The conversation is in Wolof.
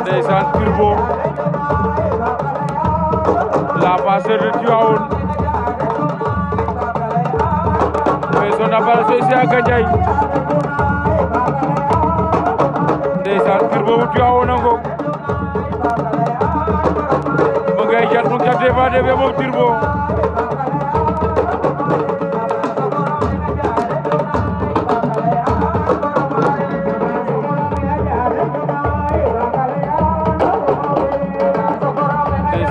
ndeysaan Turbo la passeur de Tivaouane mais son apparition ici à Gandiaye ndeysaan Turbo bu Tivaouane a ngoog mu ngay jat mu jat dee ba dee moom